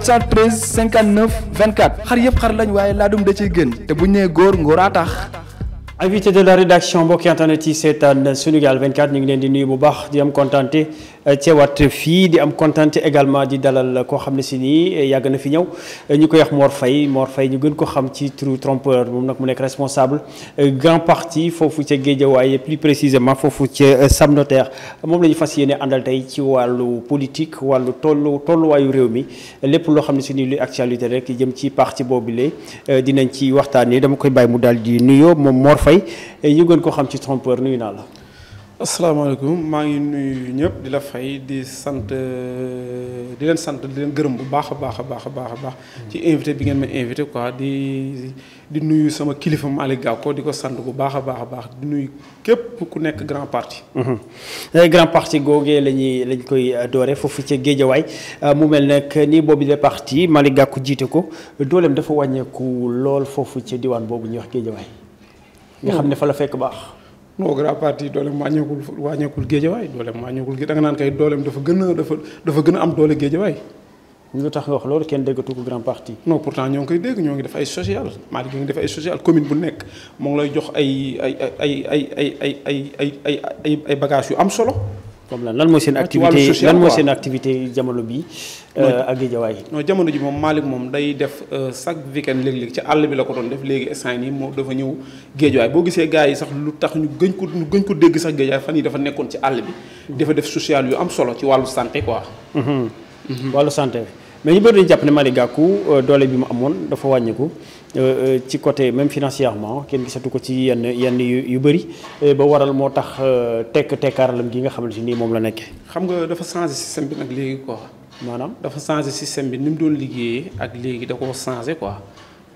413 59 24 xar yëpp xar lañ waaye laa laadum da ciy gën te bu ñu nee góor ngóoraa tax. invité de la rédaction mbokki internet yi seetaan Sunugal 24 ñu ngi leen di nuyu bu baax di am kontaan ceewaat euh, fii di am kontaan également di dalal koo xam ne si nii euh, yàgg na fi ñëw euh, ñu koy yax Mor Faye Mor Faye ñu gën ko xam ci trou trompeur moom nag mu nekk responsable grand parti foofu ca Guédiawaye plus précisément foofu ca Sam Notaire moom la ñu fas yéene àndal tey ci wàllu politique wàllu tollu tolluwaayu réew mi lépp loo xam ne si nii luy actualité rek jëm ci parti boobule dinañ ci waxtaan waxtaanee dama koy bàyyi mu daal di nuyoo moom Mor Faye ñu gën ko xam ci trompeur nuyu naa asalaamaaleykum maa ngi nuyu ñëpp di la fay di sant euh, di leen sant di leen gërëm bu baax a baax a baax a baax a baax ci invité bi ngeen ma invité quoi di di nuyu sama kilifa Malick Gakou di ko sant bu baax a baax a baax di nuyu képp ku nekk grand parti. Mhm. Eh, grand parti googee lañuy lañ koy euh, doore foofu ca Géejawaay euh, mu mel nag nii boobu de parti Malick jiite ko dooleem dafa wàññeeku lool foofu ca diwaan boobu ñu wax Géejawaay. nga xam ne fa la fekk baax. non grand parti dooleem wàññeekul wàññeekul géejawaay dooleem wàññeekul da nga naan kay dooleem dafa gën a dafa dafa gën a am doole géejawaay. lu tax nga wax loolu kenn déggatu ko grand parti. non pourtant ñoo ngi koy dégg ñoo ngi def ay social Malick ñoo ngi def ay social commune bu nekk moo ngi lay jox ay ay ay ay ay ay ay ay ay ay ay bagages yu am solo. comme lan lan mooy seen ah, activité lan mooy seen activité jamono bi euh, ak Guédiawaye non jamono ji moom Malick moom day def euh, chaque weekend léeg-léeg ci àll bi la ko doon def léegi instant yi moom dafa ñëw Guédiawaye boo gisee gars yi sax lu tax ñu gëñ ko ñu gën ko dégg sax Guédiawaye fan yi dafa nekkoon ci àll bi mm-hmm. dafa def social yu am solo ci wàllu santé quoi mm-hmm. Mm-hmm. wàllu santé mais ñu bëri dañu jàpp ne Malick Gakou euh, doole bi mu amoon dafa wàññiku euh, euh, ci côté même financièrement kenn gisatu ko ci yenn yenn yu bëri ba waral moo tax tekk tekkaaralam gi nga xamante nii moom la nekkee. xam nga dafa changé système bi nag léegi ko maanaam dafa changé système bi ni mu doon liggéeyee ak léegi da koo changé ko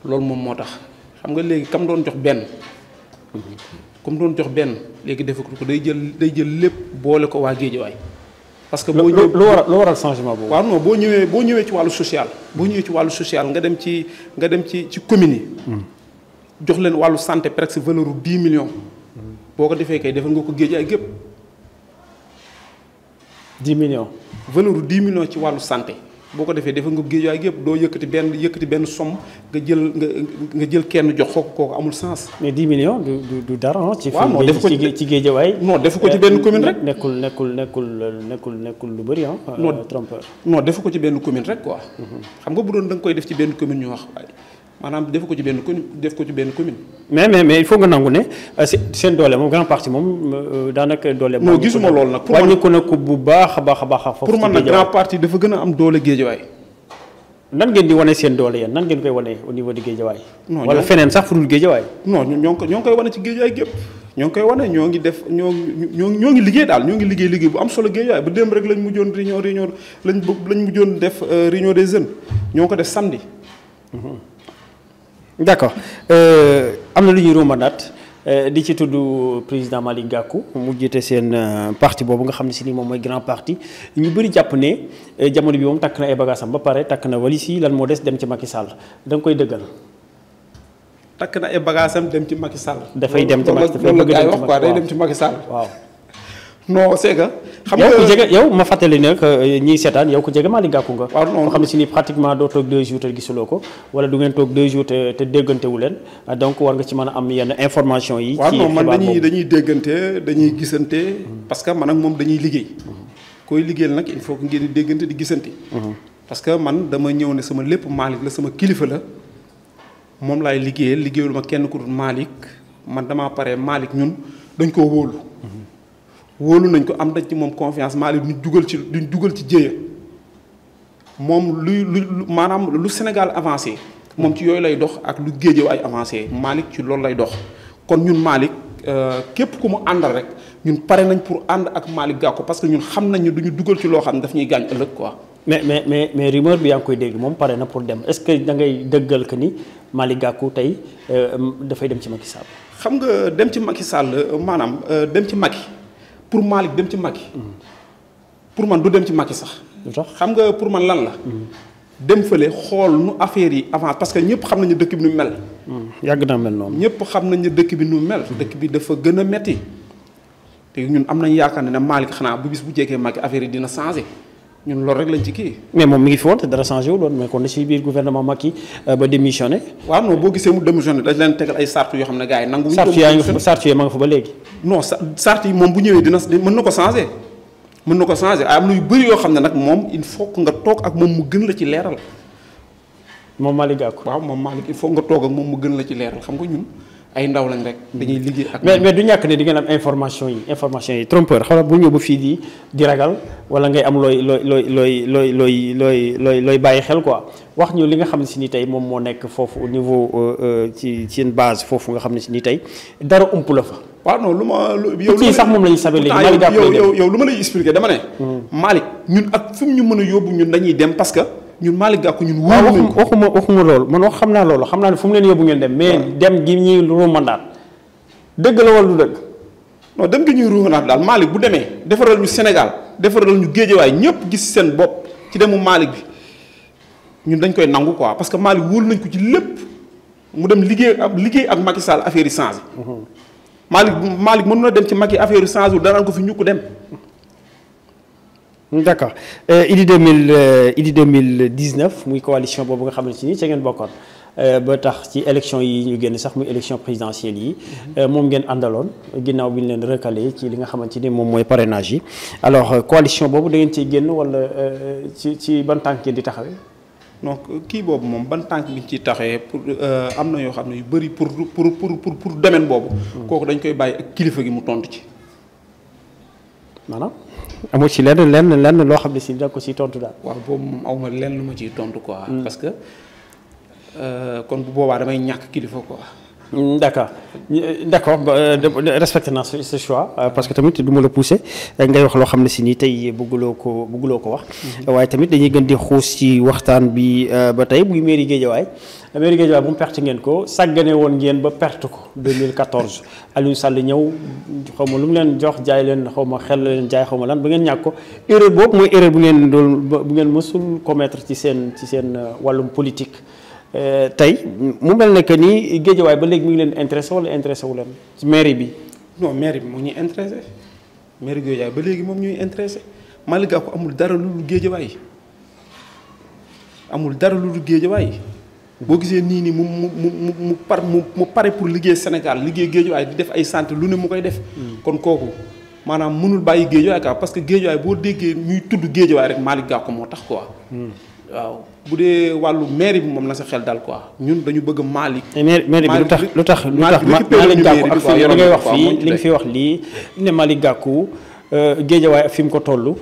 loolu moom moo tax xam nga léegi kam doon jox benn. comme doon jox benn léegi defagul ko day jël day jël lépp boole ko waa géejawaay parce que boo ñëw lu waral lu waral changement boobu. waaw non boo ñëwee boo ñëwee ci wàllu social boo ñëwee ci wàllu social nga dem ci nga dem ci ci communes yi. Hmm. jox leen wàllu santé presque valeur bu 10 millions. Hmm. boo ko defee kay defal nga ko géej ay gépp. 10 millions. valeur bu 10 ci wàllu santé. boo ko defee defal nga géejuwaay yëpp doo yëkkati benn yëkkati benn somme nga jël nga nga jël kenn jox ko kooku amul sens. mais 10 million du dara ci du du dara. ci ci waaye non def ko ci benn commune rek. nekkul nekkul nekkul nekkul nekkul lu bëri ah. Euh, trompeur non def ko ci benn commune rek quoi. Mm-hmm. xam nga bu doon da nga koy def ci benn commune ñu wax waaye. maanaam def ko ci benn commune def ko ci benn commune. mais mais mais il faut nga nangu ne euh, seen doole moom grand parti moom euh, daanaka doole. non gisuma loolu nag pour man wàññi ko nag bu baax a baax a baax. foofu parti dafa gën a am doole géejawaay. nan ngeen di seen doole yéen nan ngeen koy wane au niveau de géejawaay. non wala feneen sax fu dul géejawaay. ñoo ngi koy koy wane ñoo ngi koy wane ñoo ngi def ñoo ñoo ngi liggéey daal ñoo ngi liggéey liggéey bu am solo géejawaay bu démb rek lañ mujjoon réunion réunion lañ lañ mujjoon def euh, réunion des jeunes ñoo ko def samedi mhm. d' accord euh, am na lu ñuy ruumanaat euh, di ci tudd président Malick Gakou mu jiite seen euh, parti boobu nga xam ne si nii moom mooy grand parti ñu bëri jàpp ne jamono bi moom takk na ay bagaasam ba pare takk na walis yi lan moo des dem ci Macky Sall da nga koy dëggal. takk na ay bagaasam dem ci Macky Sall. dafay dem ci Macky Sall dafay bëgg a dem ci Macky Sall waaw non c'est que xam nga yow ma fàttali ne que ñiy seetaan yow ku jege Malick Gakou nga. waaw non xam ne si ni pratiquement doo toog 2 jours te gisuloo ko wala du ngeen toog 2 jours te te leen donc war nga ci mën am yenn information yi. ci xibaar boobu waaw non dañuy dañuy dañuy gisante. parce que man ak moom dañuy liggéey. Mhm. koy liggéeyal nag il faut que ngeen di déggante di gisante. Mhm. parce que man dama ñëw ne sama lépp Malick la sama kilifa la moom laay liggéeyal liggéeyalu ma kenn ku dul Malick man damaa pare Malick ñun dañ ko wóolu. Mhm. wóolu nañ ko am dañ ci moom confiance maa leen duñ dugal ci duñ dugal ci jéeya moom luy lu maanaam lu Sénégal avancé moom ci yooyu lay dox ak lu Guédiawaye avancé Malick ci loolu lay dox kon ñun Malick euh, képp ku mu àndal rek ñun pare nañ pour ànd ak Malick Gakou parce que ñun xam nañ ne du ñu dugal ci loo xam ne daf ñuy gaañ ëllëg quoi. mais mais mais mais rumeur bi yaa ngi koy dégg moom pare na pour dem est-ce que da ngay dëggal que ni Malick Gakou tey euh, dafay dem ci Macky Sall. xam nga dem ci Macky Sall euh, maanaam dem ci Macky. pour Malick dem ci Macky pour man du dem ci Macky sax xam nga pour man lan la dem fële xool nu affaire yi avant parce que ñëpp xam nañu dëkk bi nu mel hmm, yàgg naa mel noonu ñëpp xam nañu dëkk bi nu mel dëkk bi dafa gën a metti te ñun am nañu yaakaar ne Malick xanaa bu bis bu jegee Macky affaire yi dina changé ñun loolu rek lañ ci kii. mais moom mi ngi fi woon te dara changé wu loon mais kon na ci biir gouvernement Macky euh, ba démissionné. waaw non boo gisee mu démissionné dañ leen tegal ay sart yoo xam ne gars yi nangu. sart yaa yi moom bu ñëwee dina mën na ko changé mën na ko changé ah, am na yu bëri yoo xam ne nag moom il faut que nga toog ak moom mu gën la ci leeral. moom Malick Gakou waaw moom Malick il faut nga toog ak moom mu gën la ci leeral xam nga ñun ay ndaw lañ rek dañuy liggéey ak. mais mais du ñàkk ne di ngeen am information yi information yi trompeur xoolal bu ñëw ba fii di di ragal wala ngay am looy looy looy looy looy looy looy looy looy bàyyi xel quoi wax ñu li nga xam ne si ni tey moom moo nekk foofu au niveau euh, euh, ci seen base foofu nga xam ne si ni tey dara ump la fa. waaw non lu ma yow ci moom la ñu sabe léegi Malick yow lu ma lay expliquer dama ne. Hmm. Malick ñun ak fu mu ñu mën a yóbbu ñun dañuy dem parce que. ñun Malick Gakou ñun wóor nañ ko waxuma waxuma loolu man wax xam naa loolu xam naa ne fu mu leen yóbbu ngeen dem mais dem gi ñuy ruuma mandaat dëgg la wala du dëgg dem gi ñuy ruuma mandaat daal Malick bu demee defaral ñu Sénégal defaral ñu géejewaay ñëpp gis seen bopp ci demu Malick bi ñun dañ koy nangu ko parce que Malick wóolu nañ ko ci lépp mu dem liggéey ak liggéey ak Macky Sall affaire yi changé mhm. Malick Malick mën na dem ci Macky affaire yi changé danaan ko fi ñu ko dem d'accord Idy 2000 Idy 2019 muy coalition boobu nga xamante ni ca ngeen bokkoon euh, ba tax ci élection yi ñu génn sax muy élection présidentielle yi mhm. euh, moom ngeen àndaloon ginnaaw bi ñu leen recalé ci li nga xamante ni moom mooy parrainage yi alors euh, coalition boobu da ngeen ciy génn wala ci ci ban tànk di taxawee. donc kii boobu moom ban tànk bi ci ciy taxee pour am na yoo xam ne yu bëri pour pour pour pour pour domaine boobu. Mhm. kooku dañ koy bàyyi ak kilifa gi mu tontu ci amoo ci lenn lenn lenn loo xam ne si da ko si tontu daal. waaw boobu moom awma lenn lu ma ciy tontu quoi. Hmm. parce que euh, kon bu boobaa damay ñàkk kilifa quoi. Mm, d' accord euh, d' accord euh, respecté naa ce choix euh, parce que tamit duma la poussé ngay wax loo xam ne si nii tey bëgguloo ko bëgguloo ko wax. Mm-hmm. waaye tamit dañuy gën di xuus ci waxtaan bi ba tey muy mairie Guédiawaye mairie Guédiawaye bu mu perte ngeen ko sàggane woon ngeen ba perte ko 2014 Aliou Sall ñëw xaw ma lu mu leen jox jaay leen xaw ma xel leen jaay xaw ma lan ba ngeen ñàkk ko erreur boobu mooy erreur bu ngeen doon bu ngeen mësul commettre ci seen ci seen wàllum politique. Euh, tey mu mel ne que ni géejawaay ba léegi mu ngi leen intéressé wala intéressé wu leen mairie bi. non mairie bi mu ñuy intéressé mairie géejawaay ba léegi moom ñuy intéressé Malick ko amul dara lu dul géejawaay amul dara lu dul géejawaay boo gisee nii nii mu mu mu mu par mu pare pour liggéey Sénégal liggéey géejawaay di def ay santé lu ne mu koy def. Hmm. kon kooku maanaam mënul bàyyi géejawaay quoi parce que géejawaay boo déggee ñuy tudd géejawaay rek Malick Gakou moo tax ko quoi. Hmm. waaw bu dee wàllu mairie bi moom na sa xel daal quoi ñun dañu bëgg Malick. Eh, mairie bi lu tax lu tax lu tax Malick Gakou ak fi li ngay wax fii li nga fi wax lii ne Malick Gakou euh, géejawaay ak fi mu ko toll.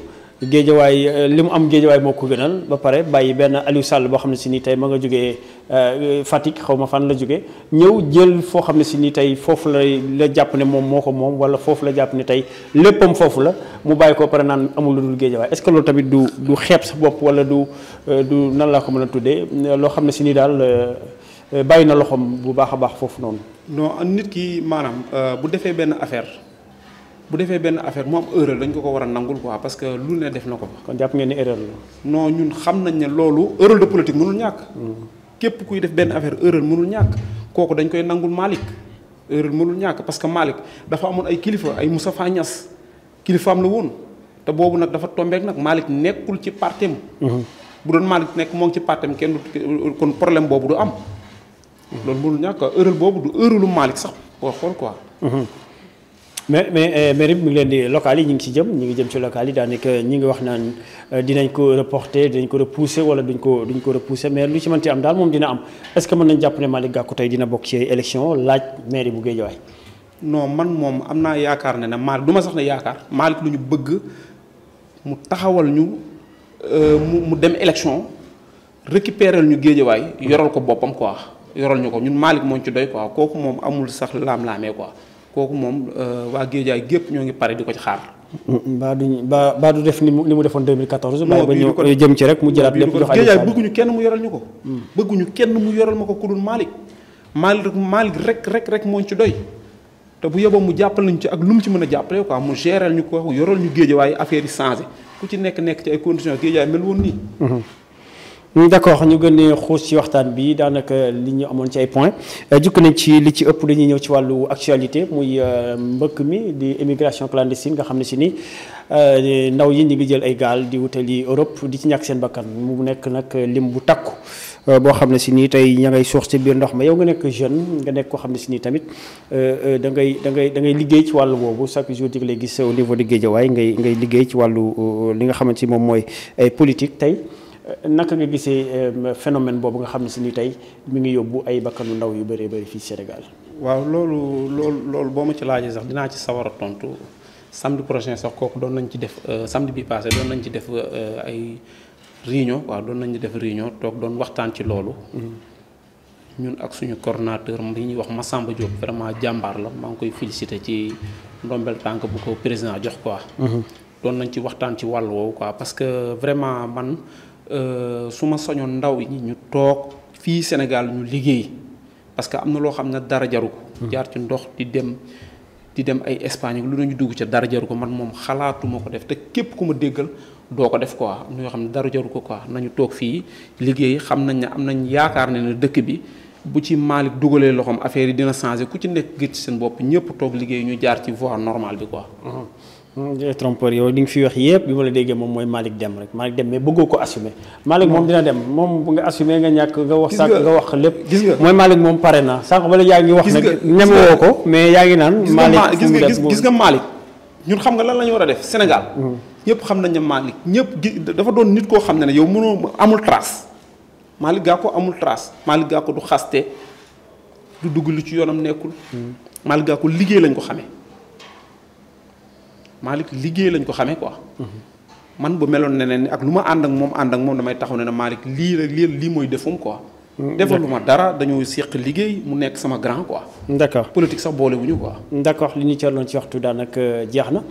géejawaay euh, li mu am géejawaay moo ko gënal ba pare bàyyi benn Aliou Sall boo xam ne si nii tey ma nga jógee euh, Fatick xawma fan la jóge ñëw jël foo xam ne si nii tey foofu la la jàpp ne moom moo ko moom wala foofu la jàpp ne tey léppam foofu la mu bàyyi ko pare naan amul lu dul géejawaay est-ce que loolu du du xeeb sa bopp wala du euh, du nan laa ko mën a tuddee loo xam ne si nii daal bàyyi na loxoom bu baax a baax foofu noonu. non nit ki maanaam bu defee benn affaire. bu defee benn affaire mu am erreur dañ ko ko war a nangul quoi parce que lu ne def na ko fa. kon jàpp ngeen ni erreur la. ñun xam nañ ne loolu erreur de politique mënul ñàkk. Hmm. képp kuy def benn affaire erreur mënul ñàkk kooku dañ koy nangul Malick erreur mënul ñàkk parce que Malick dafa amoon ay kilifa ay Moustapha Niass kilifaam la woon te boobu nag dafa tombeek nag Malick nekkul ci partem hmm. bu doon Malick nekk moo ngi ci partem kenn kon problème boobu du am. Hmm. loolu mënul ñàkk quoi erreur boobu du erreur lu Malick sax boo xool quoi. mais mais euh, mairie bi mu ngi leen di locales yi ñu ngi ci jëm ñu ngi jëm ci locales yi daanaka ñu ngi wax naan euh, dinañ ko reporter dinañ ko repousser wala duñ ko duñ ko repousser mais lu ci mënti am daal moom dina am est-ce que mën nañ jàpp ne Malick Gakou tey dina bokk ci élection laaj mairie bu Guédiawaye non man moom am naa yaakaar ne ne Malick du ma sax ne yaakaar Malick lu ñu bëgg mu taxawal ñu euh, mu dem élection récupérer ñu Guédiawaye yoral ko boppam quoi yoral ñu ko ñun Malick moo ci doy kooku moom amul sax laam-laamee quoi kooku moom euh, waa Géejawaay gépp ñoo ngi pare di ko ci xaar. baa duñ baa baa du def ni mu ni mu defoon 2014. bàyyi ba ñëw jëm ci rek mu jëlaat lépp jox Géejawaay bëgguñu kenn mu yoral ñu ko. Hmm. bëgguñu kenn mu yoral ma ko ku dul Malick Malick Malick rek rek rek moo ci doy. te bu yeboo mu jàppal nañu ci ak lu mu ci mën a jàppale quoi mu géral ñu ko yoral ñu Géejawaay affaire yi changé ku ci nekk nekk ci ay conditions Géejawaay mel woon nii. Hmm. Mmh, d'accord ñu gën a xuus ci waxtaan bi daanaka li ñu amoon ci ay point euh, jukk nañ ci li ci ëpp dañuy ñëw ci wàllu actualité muy euh, mbëkk mi di immigration clandestine nga xam ne si ni euh, ndaw yi ñu ngi jël ay gaal di wutali Europe di ci ñàkk seen bakkan mu nekk nag lim bu takku boo xam ne si nii tey ña ngay suux ci biir ndox ma yow nga nekk jeune nga nekk koo xam ne si nii tamit da ngay da ngay da ngay liggéey ci wàllu boobu chaque jour di lay gis au niveau de Guédiawaye ngay ngay ci wàllu li nga xamante ni moom mooy ay politique tey. naka nga gisee phénomène boobu nga xam ne si ni tey mi ngi yóbbu ay bakkanu ndaw yu bëree bëri fii Sénégal. waaw loolu loolu loolu boo ma ci laajee sax dinaa ci sawar a tontu samedi prochain sax kooku doon nañ ci def euh, samedi bi passé doon nañ ci def euh, ay réunion waaw doon nañ ci def réunion toog doon waxtaan ci loolu. Mm-hmm. ñun ak suñu coordonnateur li ñuy wax Massamba Diop vraiment jàmbaar la maa ngi koy félicité ci ndombel tànk bu ko président jox quoi. Mm-hmm. doon nañ ci waxtaan ci wàll woowu quoi parce que vraiment man. Euh, su ma soñoon ndaw yi ñu toog fii Sénégal ñu liggéey parce que am na loo xam ne dara jaru ko. Hmm. jaar ci ndox di dem di dem ay Espagne lu ñu dugg ca dara jaru ko man moom xalaatuma ko def te képp ku ma déggal doo ko def quoi am na yoo xam ne dara jaru ko quoi nañu toog fii liggéey xam nañ ne am nañ yaakaar ne ne dëkk bi. bu ci Malick dugalee loxoom affaire yi dina changé ku ci nekk gis ci seen bopp ñëpp toog liggéey ñu jaar ci voie normal bi quoi. Hmm. trompeur yow li nga fi wax yëpp bi ma la déggee moom mooy Malick Dem rek Malick Dem mais bëggoo ko assumer Malick moom dina dem moom bu nga assumer nga ñàkk nga wax sànq nga wax lépp gis nga mooy Malick moom pare na sànq bala yaa ngi wax nag ñemewoo ko mais yaa ngi naan Malick gis nga gis nga ñun xam nga lan la ñu war a def Sénégal mm-hmm. ñëpp xam nañ ne Malick ñëpp dafa doon nit koo xam ne ne yow mënoo amul trace Malick ko amul trace Malick Gakou du xaste du dugg lu ci yoonam nekkul mm-hmm. Malick ko liggéey lañ ko xamee Malick liggéey lañ ko xamee quoi. man bu meloon ne neneen ak lu ma ànd ak moom ànd ak moom damay taxaw ne ne Malick lii rek lii lii mooy defum ko mm, defalu ma dara dañoo séq liggéey mu nekk sama grand quoi. d'accord politique sax boole wuñu quoi. d'accord li ñu cërloon ci waxtu daanaka euh, jeex na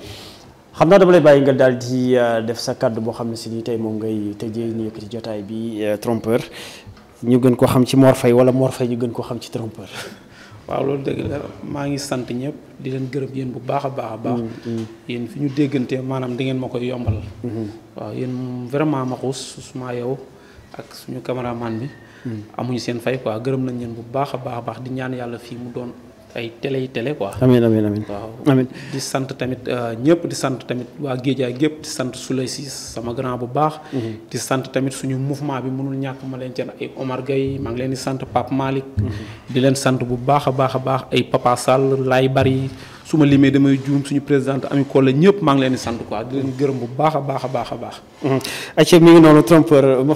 xam naa dama lay bàyyi nga daal di euh, def sa kàddu boo xam ne si ni tey moom ngay tëjee ñu ci jotaay bi euh, trompeur ñu gën ko xam ci Mor Faye wala Mor Faye ñu gën ko xam ci trompeur. waaw loolu dëgg la maa ngi sant ñëpp di leen gërëm yéen bu baax a baax a baax. Mm, mm. yéen fi ñu déggante maanaam di ngeen ma koy yombal. Mm-hmm. waaw yéen vraiment ma xuus suma yow ak suñu caméraman bi. Mm. amuñu seen fay quoi gërëm nañ leen bu baax a baax a baax di ñaan yàlla fii mu doon. ay tele yi télé quoi. amiin amiin amiin waaw amiin di sant tamit euh, ñëpp di sant tamit waa Géejaay gépp di sant Souley Si sama grand bu baax. Mhm. di sant tamit suñu mouvement bi mënul ñàkk ma leen seen ay Omar Gueye ngi leen di sant Pape malik mhm. di leen sant bu baax a baax a baax ay Papa Sall laay bari. su ma limee damay juum suñu présidente Ami Collé ñëpp maa leen sant quoi di leen gërëm bu baax a baax a baax a baax. Mhm. ayca mi ngi noonu trompeur ma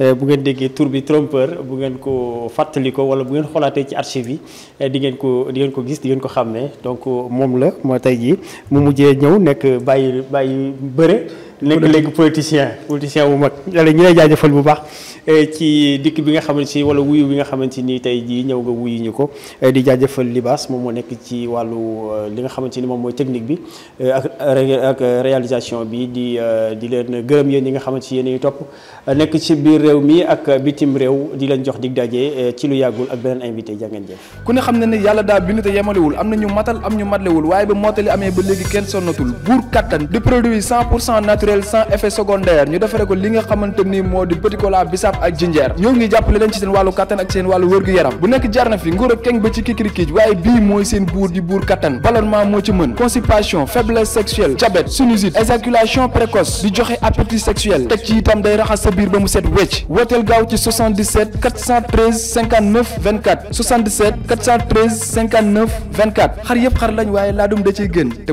eh, ngeen déggee trompeur bu ko fàttali ko wala bu ngeen xoolaatee ci archive yi eh, di ngeen ko di ngeen ko gis di ngeen ko xàmmee donc moom la moo tey jii mu mujjee ñëw nekk bàyyi bàyyi bëre. nekk léegi politicien politicien bu mag yàlla ñu lay jaajëfal bu baax. Eh, ci dikk bi nga xamante si bi nga xamante ni tey jii ñëw nga wuyu ko eh, di jaajëfal libaas moom moo nekk ci wàllu eh, li nga xamante ni moom mooy technique bi ak ak réalisation bi di di leen gërëm yéen ñi nga xamante si yéen ñuy topp nekk ci biir réew mi ak bitim di leen jox dig daje ci lu yàggul ak beneen invité jàngeen jëf ku ne xam na ñu matal am ba mottali amee ba léegi kenn sonnatul buur kattan di produit cent pour cent naturel moo di petit cola bisap garab ak jinjeer ñoo ngi jàppale leen ci seen wàllu kattan ak seen wàllu wërgu yaram bu nekk jar na fi nguur ak keng ba ci kikirikiij waaye bii mooy seen buur di buur kattan ballonnement moo ci mën constipation faiblesse sexuelle diabète sinusite éjaculation précoce di joxe appétit sexuel teg ci itam day raxas sa biir ba mu set wecc wooteel gaaw ci 77 413 59 24 77 413 59 24 xar yëpp xar lañ waaye laa dum da ciy gën te